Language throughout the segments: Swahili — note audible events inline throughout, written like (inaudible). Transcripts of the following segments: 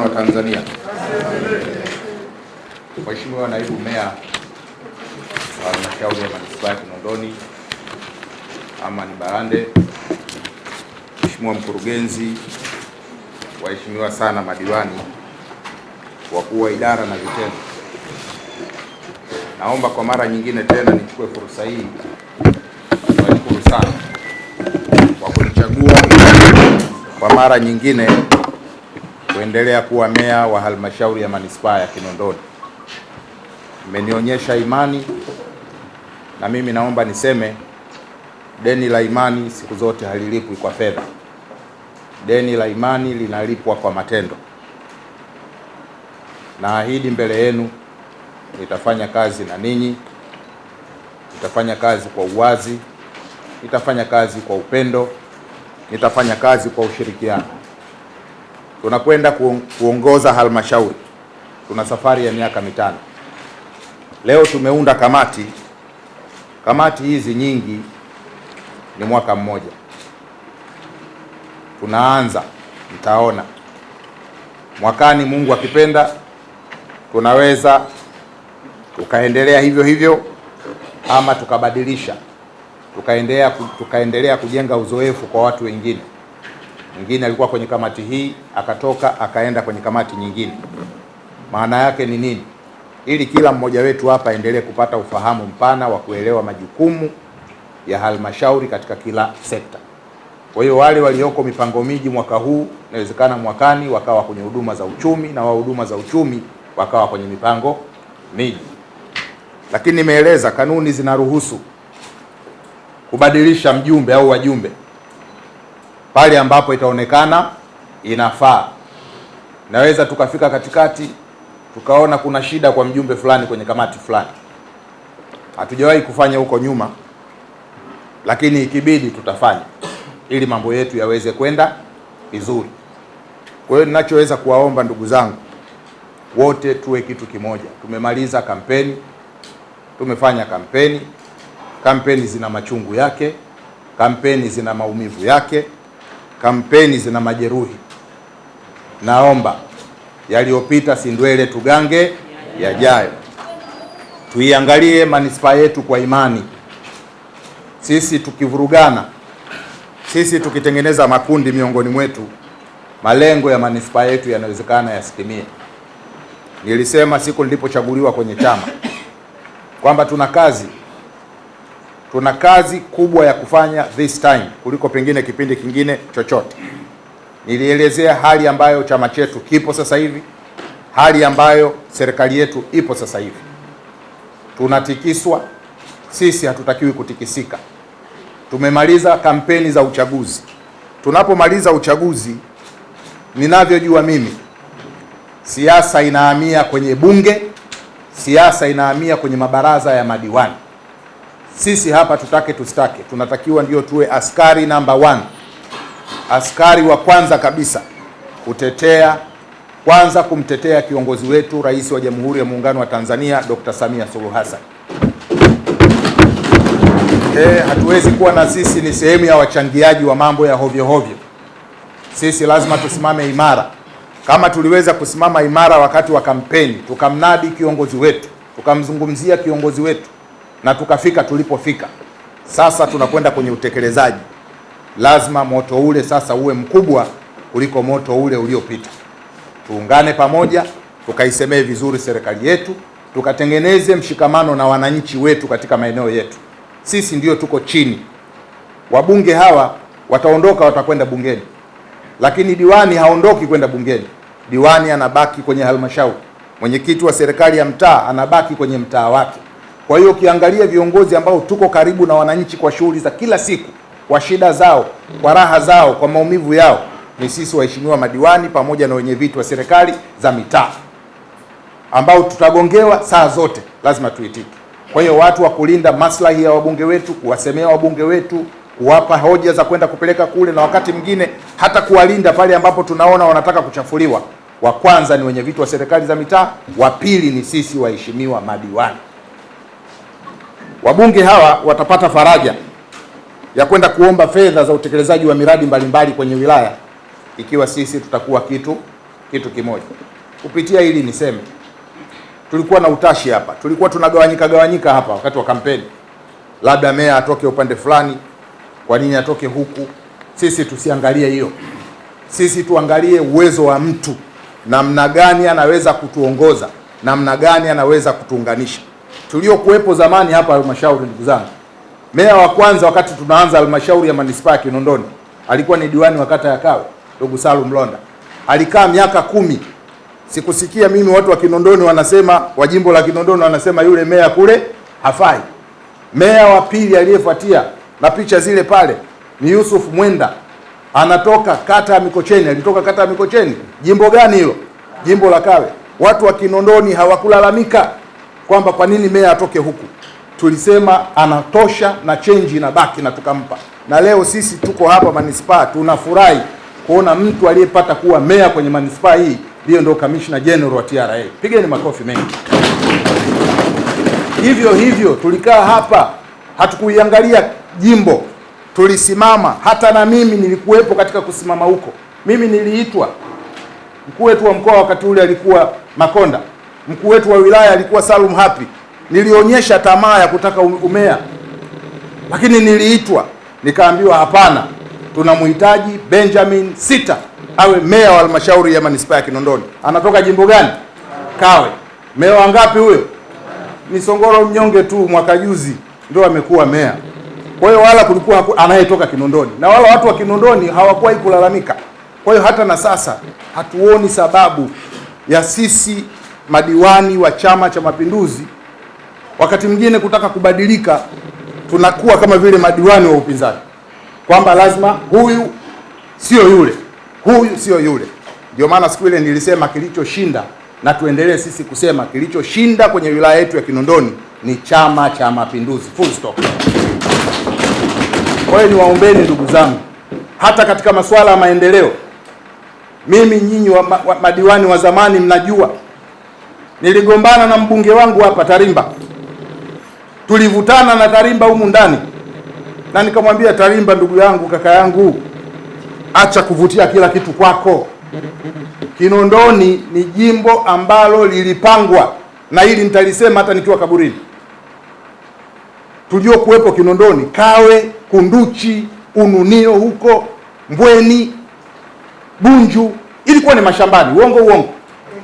Muungano wa Tanzania. Mheshimiwa Naibu Meya wa Halmashauri ya Manispaa ya Kinondoni Amani Barande, Mheshimiwa Mkurugenzi, waheshimiwa sana madiwani, wakuu wa idara na vitengo, naomba kwa mara nyingine tena nichukue fursa hii kuwashukuru sana kwa kunichagua kwa mara nyingine kuendelea kuwa meya wa halmashauri ya manispaa ya Kinondoni. Mmenionyesha imani na mimi naomba niseme deni la imani siku zote halilipwi kwa fedha. Deni la imani linalipwa kwa matendo. Naahidi mbele yenu nitafanya kazi na ninyi, nitafanya kazi kwa uwazi, nitafanya kazi kwa upendo, nitafanya kazi kwa ushirikiano tunakwenda kuongoza halmashauri, tuna safari ya miaka mitano. Leo tumeunda kamati, kamati hizi nyingi ni mwaka mmoja. Tunaanza, mtaona mwakani, Mungu akipenda, tunaweza tukaendelea hivyo hivyo ama tukabadilisha, tukaendelea, tukaendelea kujenga uzoefu kwa watu wengine mwingine alikuwa kwenye kamati hii akatoka akaenda kwenye kamati nyingine. Maana yake ni nini? Ili kila mmoja wetu hapa aendelee kupata ufahamu mpana wa kuelewa majukumu ya halmashauri katika kila sekta. Kwa hiyo wale walioko mipango miji mwaka huu, inawezekana mwakani wakawa kwenye huduma za uchumi na wa huduma za uchumi wakawa kwenye mipango miji. Lakini nimeeleza kanuni zinaruhusu kubadilisha mjumbe au wajumbe pale ambapo itaonekana inafaa. Naweza tukafika katikati tukaona kuna shida kwa mjumbe fulani kwenye kamati fulani, hatujawahi kufanya huko nyuma, lakini ikibidi tutafanya ili mambo yetu yaweze kwenda vizuri. Kwa hiyo ninachoweza kuwaomba ndugu zangu wote, tuwe kitu kimoja. Tumemaliza kampeni, tumefanya kampeni. Kampeni zina machungu yake, kampeni zina maumivu yake kampeni zina majeruhi. Naomba yaliyopita si ndwele, tugange yajayo. Tuiangalie manispaa yetu kwa imani. Sisi tukivurugana, sisi tukitengeneza makundi miongoni mwetu, malengo ya manispaa yetu yanawezekana yasitimie. Nilisema siku nilipochaguliwa kwenye chama kwamba tuna kazi tuna kazi kubwa ya kufanya this time kuliko pengine kipindi kingine chochote. Nilielezea hali ambayo chama chetu kipo sasa hivi, hali ambayo serikali yetu ipo sasa hivi. Tunatikiswa sisi, hatutakiwi kutikisika. Tumemaliza kampeni za uchaguzi. Tunapomaliza uchaguzi, ninavyojua mimi, siasa inahamia kwenye bunge, siasa inahamia kwenye mabaraza ya madiwani. Sisi hapa tutake tustake, tunatakiwa ndio tuwe askari namba one, askari wa kwanza kabisa kutetea kwanza kumtetea kiongozi wetu Rais wa Jamhuri ya Muungano wa Tanzania Dr. Samia Suluhu Hassan. E, hatuwezi kuwa na sisi ni sehemu ya wachangiaji wa mambo ya hovyo hovyo. Sisi lazima tusimame imara, kama tuliweza kusimama imara wakati wa kampeni, tukamnadi kiongozi wetu, tukamzungumzia kiongozi wetu na tukafika tulipofika. Sasa tunakwenda kwenye utekelezaji, lazima moto ule sasa uwe mkubwa kuliko moto ule uliopita. Tuungane pamoja, tukaisemee vizuri serikali yetu, tukatengeneze mshikamano na wananchi wetu katika maeneo yetu. Sisi ndio tuko chini. Wabunge hawa wataondoka, watakwenda bungeni, lakini diwani haondoki kwenda bungeni. Diwani anabaki kwenye halmashauri, mwenyekiti wa serikali ya mtaa anabaki kwenye mtaa wake. Kwa hiyo ukiangalia viongozi ambao tuko karibu na wananchi kwa shughuli za kila siku, kwa shida zao, kwa raha zao, kwa maumivu yao, ni sisi waheshimiwa madiwani pamoja na wenye viti wa serikali za mitaa ambao tutagongewa saa zote, lazima tuitike. Kwa hiyo watu wa kulinda maslahi ya wabunge wetu, kuwasemea wabunge wetu, kuwapa hoja za kwenda kupeleka kule, na wakati mwingine hata kuwalinda pale ambapo tunaona wanataka kuchafuliwa, wa kwanza ni wenye viti wa serikali za mitaa, wa pili ni sisi waheshimiwa madiwani wabunge hawa watapata faraja ya kwenda kuomba fedha za utekelezaji wa miradi mbalimbali kwenye wilaya ikiwa sisi tutakuwa kitu kitu kimoja. Kupitia hili niseme, tulikuwa na utashi hapa, tulikuwa tunagawanyika gawanyika hapa wakati wa kampeni, labda meya atoke upande fulani, kwa nini atoke huku? Sisi tusiangalie hiyo, sisi tuangalie uwezo wa mtu, namna gani anaweza kutuongoza, namna gani anaweza kutuunganisha tuliokuwepo zamani hapa halmashauri. Ndugu zangu, meya wa kwanza wakati tunaanza halmashauri ya manispaa ya Kinondoni alikuwa ni diwani wa kata ya Kawe, ndugu Salum Londa, alikaa miaka kumi. Sikusikia mimi watu wa Kinondoni wanasema, wa jimbo la Kinondoni wanasema yule meya kule hafai. Meya wa pili aliyefuatia na picha zile pale ni Yusuf Mwenda, anatoka kata ya Mikocheni, alitoka kata ya Mikocheni. Jimbo gani hilo? Jimbo la Kawe. Watu wa Kinondoni hawakulalamika kwamba kwa nini meya atoke huku. Tulisema anatosha na chenji inabaki na tukampa, na leo sisi tuko hapa manispaa tunafurahi kuona mtu aliyepata kuwa meya kwenye manispaa hii ndiyo ndio kamishna general wa TRA. Pigeni makofi mengi. Hivyo hivyo tulikaa hapa, hatukuiangalia jimbo, tulisimama. Hata na mimi nilikuwepo katika kusimama huko. Mimi niliitwa, mkuu wetu wa mkoa wakati ule alikuwa Makonda mkuu wetu wa wilaya alikuwa Salum Hapi, nilionyesha tamaa ya kutaka umea, lakini niliitwa nikaambiwa hapana, tunamhitaji Benjamin Sita awe meya wa halmashauri ya manispaa ya Kinondoni. Anatoka jimbo gani? Kawe. Meya wa ngapi huyo? Ni Songoro mnyonge tu, mwaka juzi ndio amekuwa meya. Kwa hiyo wala kulikuwa anayetoka Kinondoni, na wala watu wa Kinondoni hawakuwahi kulalamika. Kwa hiyo hata na sasa hatuoni sababu ya sisi madiwani wa Chama cha Mapinduzi wakati mwingine kutaka kubadilika, tunakuwa kama vile madiwani wa upinzani kwamba lazima huyu sio yule, huyu sio yule. Ndio maana siku ile nilisema kilichoshinda, na tuendelee sisi kusema kilichoshinda kwenye wilaya yetu ya Kinondoni ni Chama cha Mapinduzi, full stop. Kwa hiyo niwaombeni ndugu zangu, hata katika masuala ya maendeleo, mimi nyinyi wa, wa, madiwani wa zamani mnajua Niligombana na mbunge wangu hapa Tarimba, tulivutana na Tarimba humu ndani, na nikamwambia Tarimba, ndugu yangu, kaka yangu, acha kuvutia kila kitu kwako. Kinondoni ni jimbo ambalo lilipangwa, na hili nitalisema hata nikiwa kaburini. tuliokuwepo kuwepo Kinondoni, Kawe, Kunduchi, Ununio huko Mbweni, Bunju, ilikuwa ni mashambani. Uongo uongo?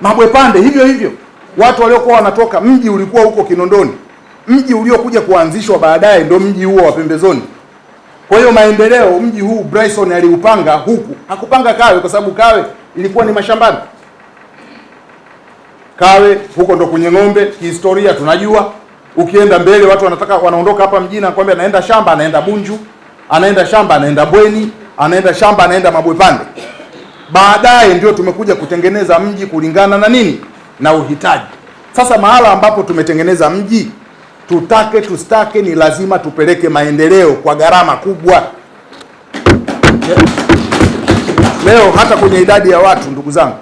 Mabwepande hivyo hivyo watu waliokuwa wanatoka mji ulikuwa huko Kinondoni, mji uliokuja kuanzishwa baadaye ndo mji huo wa pembezoni. Kwa hiyo maendeleo, mji huu Bryson aliupanga huku, hakupanga Kawe kwa sababu Kawe ilikuwa ni mashambani. Kawe huko ndo kwenye ng'ombe, kihistoria tunajua. Ukienda mbele, watu wanataka wanaondoka hapa mjini, anakwambia anaenda shamba, anaenda Bunju, anaenda shamba, anaenda Bweni, anaenda shamba, anaenda Mabwepande. Baadaye ndio tumekuja kutengeneza mji kulingana na nini na uhitaji. Sasa mahala ambapo tumetengeneza mji, tutake tustake, ni lazima tupeleke maendeleo kwa gharama kubwa. Leo hata kwenye idadi ya watu, ndugu zangu,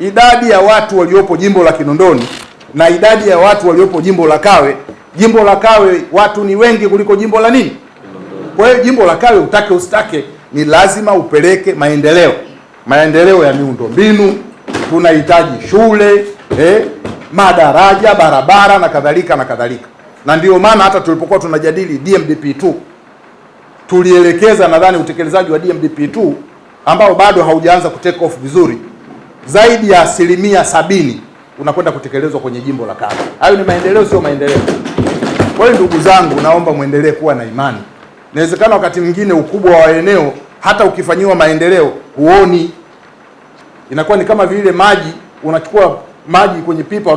idadi ya watu waliopo jimbo la Kinondoni na idadi ya watu waliopo jimbo la Kawe, jimbo la Kawe watu ni wengi kuliko jimbo la nini. Kwa hiyo jimbo la Kawe utake ustake ni lazima upeleke maendeleo, maendeleo ya miundo mbinu tunahitaji shule eh, madaraja, barabara na kadhalika na kadhalika, na ndio maana hata tulipokuwa tunajadili DMDP2 tulielekeza nadhani utekelezaji wa DMDP2 ambao bado haujaanza kutake off vizuri, zaidi ya asilimia sabini unakwenda kutekelezwa kwenye jimbo la Kawe. Hayo ni maendeleo, sio maendeleo. Kwa hiyo ndugu zangu, naomba mwendelee kuwa na imani. Inawezekana wakati mwingine ukubwa wa eneo hata ukifanyiwa maendeleo huoni inakuwa ni kama vile maji, unachukua maji kwenye pipa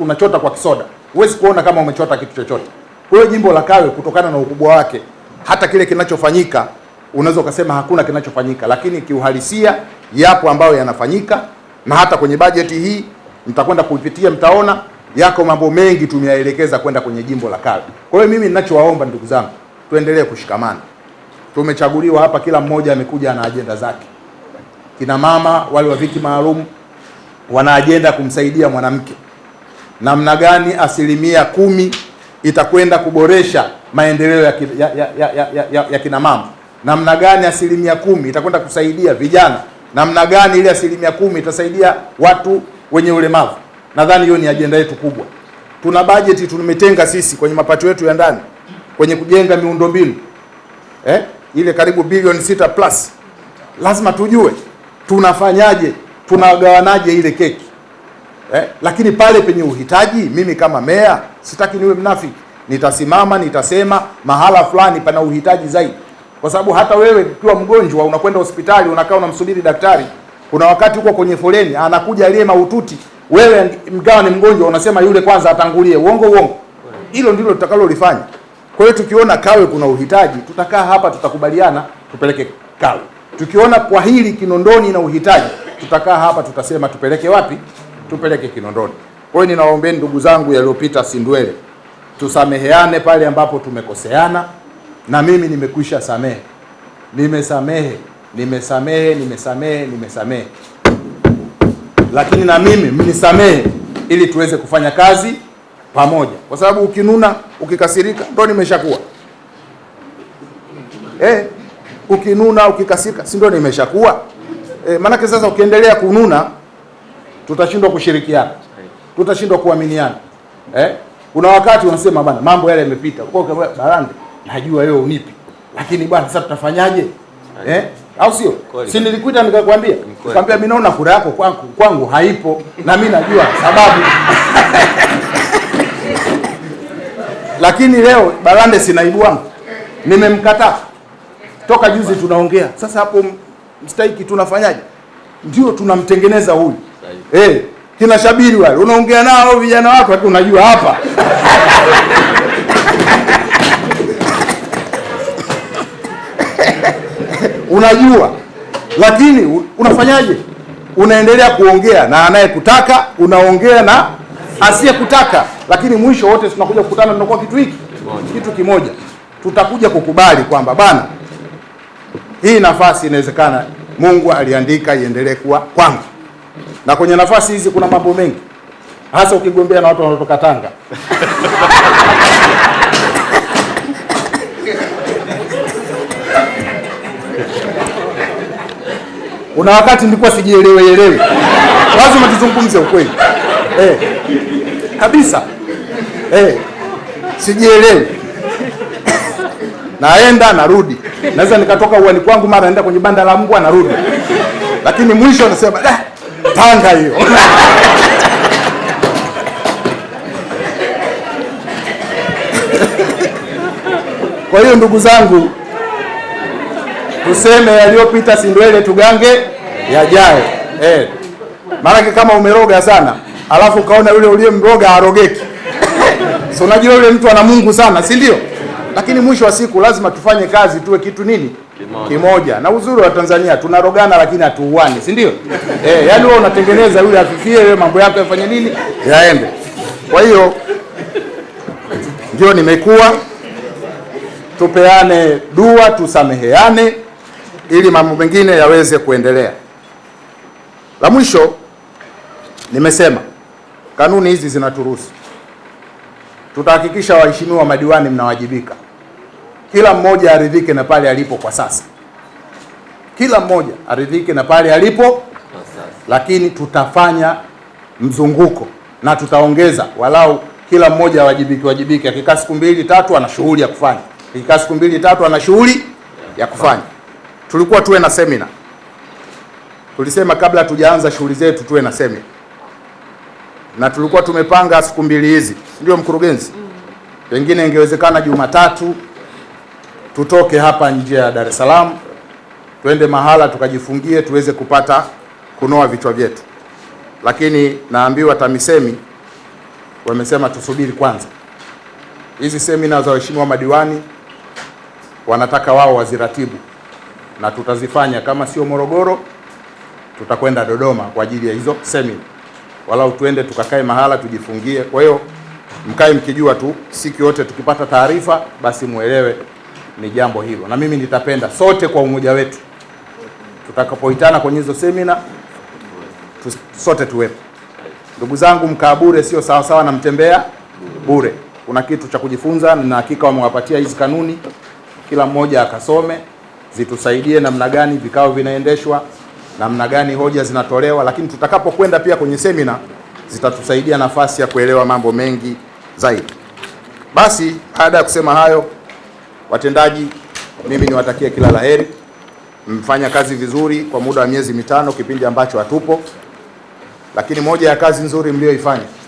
unachota kwa kisoda, huwezi kuona kama umechota kitu chochote. Kwa hiyo jimbo la Kawe kutokana na ukubwa wake, hata kile kinachofanyika unaweza ukasema hakuna kinachofanyika, lakini kiuhalisia yapo ambayo yanafanyika, na hata kwenye bajeti hii mtakwenda kuipitia, mtaona yako mambo mengi tumeyaelekeza kwenda kwenye jimbo la Kawe. Kwa hiyo mimi ninachowaomba ndugu zangu, tuendelee kushikamana. Tumechaguliwa hapa, kila mmoja amekuja na ajenda zake kina mama wale wa viti maalum wana ajenda kumsaidia mwanamke namna gani asilimia kumi itakwenda kuboresha maendeleo ya, ya, ya, ya, ya, ya kina mama, namna gani asilimia kumi itakwenda kusaidia vijana, namna gani ile asilimia kumi itasaidia watu wenye ulemavu. Nadhani hiyo ni ajenda yetu kubwa. Tuna bajeti tumetenga sisi kwenye mapato yetu ya ndani kwenye kujenga miundombinu eh, ile karibu bilioni sita plus, lazima tujue tunafanyaje, tunagawanaje ile keki eh? Lakini pale penye uhitaji, mimi kama meya sitaki niwe mnafiki, nitasimama nitasema mahala fulani pana uhitaji zaidi, kwa sababu hata wewe ukiwa mgonjwa unakwenda hospitali unakaa unamsubiri daktari, kuna wakati uko kwenye foleni, anakuja aliye mahututi, wewe mkawa ni mgonjwa, unasema yule kwanza atangulie. Uongo uongo? Hilo ndilo tutakalolifanya. Kwa hiyo tukiona Kawe kuna uhitaji, tutakaa hapa, tutakubaliana tupeleke Kawe. Tukiona kwa hili Kinondoni na uhitaji, tutakaa hapa tutasema tupeleke wapi, tupeleke Kinondoni. Kwa hiyo ninawaombeni ndugu zangu, yaliyopita sindwele, tusameheane pale ambapo tumekoseana, na mimi nimekwisha samehe, nimesamehe, nimesamehe, nimesamehe, nimesamehe, lakini na mimi mnisamehe, ili tuweze kufanya kazi pamoja, kwa sababu ukinuna, ukikasirika, ndo nimeshakuwa eh ukinuna, ukikasirika, si ndio nimeshakuwa? E, maanake sasa ukiendelea kununa tutashindwa kushirikiana, tutashindwa kuaminiana. Eh, kuna wakati unasema bana, mambo yale yamepita, barande najua wewe unipi, lakini bwana, sasa tutafanyaje? Eh, au sio? Si nilikuita nikakwambia, nikamwambia mimi naona kura yako kwangu, kwangu haipo na mimi najua sababu (laughs) lakini leo barande si wangu, nimemkataa toka juzi tunaongea. Sasa hapo mstahiki tunafanyaje? Ndio tunamtengeneza huyu eh, kina Shabiri wale unaongea nao vijana wako, lakini unajua hapa unajua lakini unafanyaje? Unaendelea kuongea na anayekutaka, unaongea na asiyekutaka, lakini mwisho wote tunakuja kukutana, tunakuwa kitu hiki kitu kimoja. Tutakuja kukubali kwamba bana hii nafasi inawezekana Mungu aliandika iendelee kuwa kwangu, na kwenye nafasi hizi kuna mambo mengi, hasa ukigombea na watu wanaotoka Tanga una wakati nilikuwa sijielewe elewe, lazima tuzungumze ukweli eh, kabisa eh, sijielewe naenda narudi, naweza nikatoka uani kwangu mara naenda kwenye banda la mbwa narudi, lakini mwisho anasema eh, ah, Tanga hiyo Kwa hiyo ndugu zangu, tuseme yaliyopita si ndwele, tugange yajayo eh. Maanake kama umeroga sana alafu ukaona yule uliyemroga arogeki, so (laughs) unajua yule mtu ana Mungu sana, si ndio? lakini mwisho wa siku lazima tufanye kazi, tuwe kitu nini kimoja, kimoja. Na uzuri wa Tanzania tunarogana, lakini hatuuani, si ndio? Eh, yaani wewe unatengeneza yule afifie, wewe mambo yako yafanye nini, yaende. Kwa hiyo ndio nimekuwa tupeane dua, tusameheane ili mambo mengine yaweze kuendelea. La mwisho nimesema kanuni hizi zinaturuhusu, tutahakikisha waheshimiwa madiwani mnawajibika kila mmoja aridhike na pale alipo kwa sasa, kila mmoja aridhike na pale alipo kwa sasa, lakini tutafanya mzunguko na tutaongeza walau kila mmoja awajibike, wajibike. Akikaa siku mbili tatu, ana shughuli ya kufanya, akikaa siku mbili tatu, ana shughuli ya kufanya. Tulikuwa tuwe na semina, tulisema kabla tujaanza shughuli zetu tuwe na semina, na tulikuwa tumepanga siku mbili hizi, ndio mkurugenzi, mm. pengine ingewezekana Jumatatu tutoke hapa nje ya Dar es Salaam twende mahala tukajifungie tuweze kupata kunoa vichwa vyetu, lakini naambiwa TAMISEMI wamesema tusubiri kwanza. Hizi semina za waheshimiwa madiwani wanataka wao waziratibu, na tutazifanya kama sio Morogoro, tutakwenda Dodoma kwa ajili ya hizo semina, walau tuende tukakae mahala tujifungie. Kwa hiyo mkae mkijua tu, siku yote tukipata taarifa basi muelewe ni jambo hilo, na mimi nitapenda sote kwa umoja wetu tutakapoitana kwenye hizo semina tu, sote tuwepo. Ndugu zangu, mkaa bure sio sawasawa na mtembea bure. Kuna kitu cha kujifunza, na hakika wamewapatia hizi kanuni, kila mmoja akasome, zitusaidie namna gani vikao vinaendeshwa, namna gani hoja zinatolewa, lakini tutakapokwenda pia kwenye semina zitatusaidia nafasi ya kuelewa mambo mengi zaidi. Basi baada ya kusema hayo Watendaji, mimi niwatakie kila laheri, mmefanya kazi vizuri kwa muda wa miezi mitano, kipindi ambacho hatupo, lakini moja ya kazi nzuri mliyoifanya